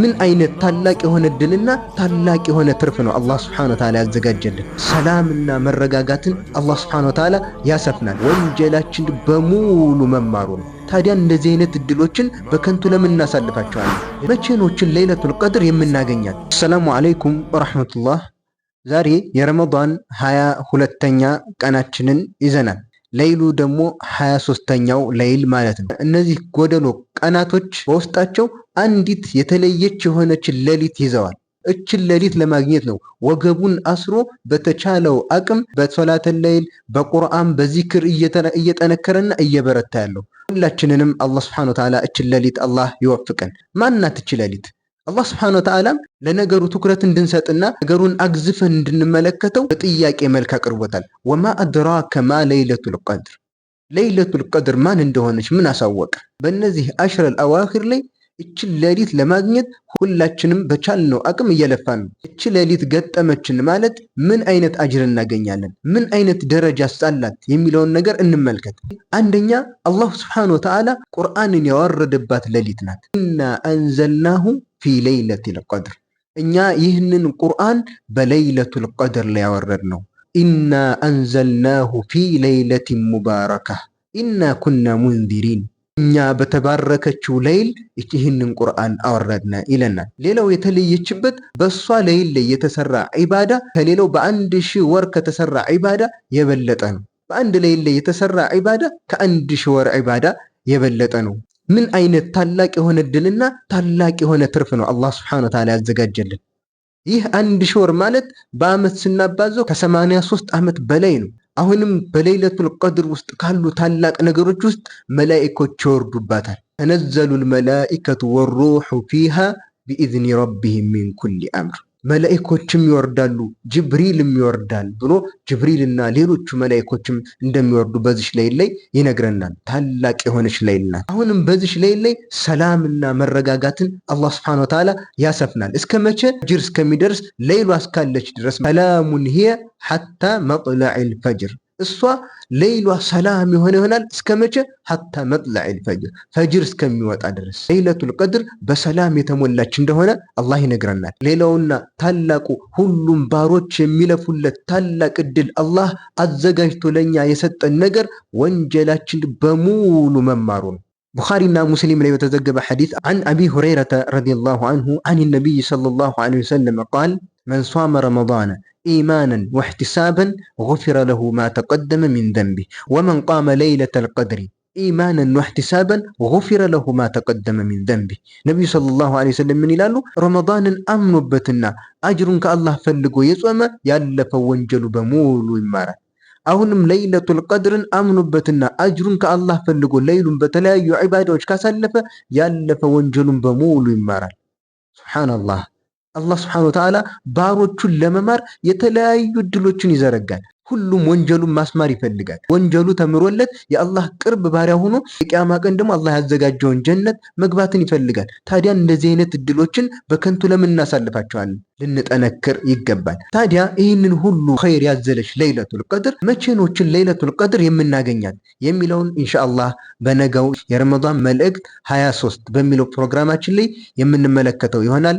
ምን አይነት ታላቅ የሆነ እድልና ታላቅ የሆነ ትርፍ ነው አላህ ስብሐነሁ ወተዓላ ያዘጋጀልን። ሰላምና መረጋጋትን አላህ ስብሐነሁ ወተዓላ ያሰፍናል። ወንጀላችን በሙሉ መማሩ ነው። ታዲያ እንደዚህ አይነት እድሎችን በከንቱ ለምን እናሳልፋቸዋለን? መቼ ኖችን ለይለቱል ቀድር የምናገኛል? አሰላሙ አለይኩም ወራህመቱላህ። ዛሬ የረመዳን ሃያ ሁለተኛ ቀናችንን ይዘናል። ለይሉ ደግሞ ሀያ ሶስተኛው ለይል ማለት ነው። እነዚህ ጎደሎ ቀናቶች በውስጣቸው አንዲት የተለየች የሆነች ሌሊት ይዘዋል። እችን ሌሊት ለማግኘት ነው ወገቡን አስሮ በተቻለው አቅም በሶላትን ለይል፣ በቁርአን፣ በዚክር እየጠነከረና እየበረታ ያለው። ሁላችንንም አላህ ስብሐነሁ ወተዓላ እችን ሌሊት አላህ ይወፍቀን። ማናት እች ሌሊት? አላህ ስብሐነ ወተዓላም ለነገሩ ትኩረት እንድንሰጥና ነገሩን አግዝፈን እንድንመለከተው በጥያቄ መልክ አቅርቦታል። ወማ አድራከ ማ ለይለቱል ቀድር፣ ለይለቱል ቀድር ማን እንደሆነች ምን አሳወቀ? በእነዚህ አሽረል አዋኺር ላይ እችን ሌሊት ለማግኘት ሁላችንም በቻልነው አቅም እየለፋን ነው። እች ሌሊት ገጠመችን ማለት ምን አይነት አጅር እናገኛለን፣ ምን አይነት ደረጃ ስጣላት የሚለውን ነገር እንመልከት። አንደኛ አላሁ ስብሐነሁ ወተዓላ ቁርአንን ያወረደባት ሌሊት ናት። ኢና አንዘልናሁ ፊ ለይለቱል ልቀድር፣ እኛ ይህንን ቁርአን በለይለቱል ልቀድር ላይ ያወረድ ነው። ኢና አንዘልናሁ ፊ ለይለቲን ሙባረካ ኢና ኩና ሙንዚሪን እኛ በተባረከችው ለይል ይህንን ቁርአን አወረድና ይለናል። ሌላው የተለየችበት በእሷ ለይል ላይ የተሰራ ዒባዳ ከሌላው በአንድ ሺህ ወር ከተሰራ ዒባዳ የበለጠ ነው። በአንድ ለይል ላይ የተሰራ ዒባዳ ከአንድ ሺህ ወር ዒባዳ የበለጠ ነው። ምን አይነት ታላቅ የሆነ ድልና ታላቅ የሆነ ትርፍ ነው አላህ ስብሐነሁ ወተዓላ ያዘጋጀልን። ይህ አንድ ሺህ ወር ማለት በአመት ስናባዘው ከ ሶስት ዓመት በላይ ነው። አሁንም በሌለቱል ቀድር ውስጥ ካሉ ታላቅ ነገሮች ውስጥ መላኢኮች ይወርዱባታል። ተነዘሉል መላኢከቱ ወሩሑ ፊሃ ቢኢዝኒ ረቢህም ሚን ኩሊ አምር መላእኮችም ይወርዳሉ ጅብሪልም ይወርዳል ብሎ ጅብሪልና ሌሎቹ መላእኮችም እንደሚወርዱ በዚች ሌሊት ላይ ይነግረናል። ታላቅ የሆነች ሌሊት ናት። አሁንም በዚች ሌሊት ላይ ሰላምና መረጋጋትን አላህ ሱብሓነሁ ወተዓላ ያሰፍናል። እስከ መቼ ጅር እስከሚደርስ ሌሏ እስካለች ድረስ ሰላሙን ሂየ ሐታ መጥለዕ አልፈጅር እሷ ሌይሏ ሰላም የሆነ ይሆናል። እስከ መቼ? ሐታ መጥላዕል ፈጅር ፈጅር እስከሚወጣ ድረስ ሌይለቱል ቀድር በሰላም የተሞላች እንደሆነ አላህ ይነግረናል። ሌላውና ታላቁ ሁሉም ባሮች የሚለፉለት ታላቅ እድል አላህ አዘጋጅቶ ለእኛ የሰጠን ነገር ወንጀላችን በሙሉ መማሩ ነው። ቡኻሪና ሙስሊም ላይ በተዘገበ ሐዲስ አን አቢ ሁረይረተ ረዲየላሁ አንሁ አን ነቢይ ሰለላሁ ዐለይሂ ወሰለም ቃል من صام رمضان ايمانا واحتسابا غفر له ما تقدم من ذنبه ومن قام ليله القدر ايمانا واحتسابا غفر له ما تقدم من ذنبه نبي صلى الله عليه وسلم من يلالو رمضان امن بتنا اجر كالله فلقو يصوم يالف وانجل بمول ويمارا اهنم ليله القدر امن بتنا اجر كالله فلقو ليل بتلاي عباده وش كاسلف يالف وانجل بمول ويمارا سبحان الله አላህ ስብሐነሁ ወተዓላ ባሮቹን ለመማር የተለያዩ እድሎችን ይዘረጋል። ሁሉም ወንጀሉን ማስማር ይፈልጋል። ወንጀሉ ተምሮለት የአላህ ቅርብ ባሪያ ሆኖ የቅያማ ቀን ደግሞ አላህ ያዘጋጀውን ጀነት መግባትን ይፈልጋል። ታዲያ እንደዚህ አይነት እድሎችን በከንቱ ለምን እናሳልፋቸዋለን? ልንጠነክር ይገባል። ታዲያ ይህንን ሁሉ ኸይር ያዘለች ለይለቱል ቀድር መቼኖችን ለይለቱል ቀድር የምናገኛት የሚለውን ኢንሻአላህ በነገው የረመዳን መልእክት 23 በሚለው ፕሮግራማችን ላይ የምንመለከተው ይሆናል።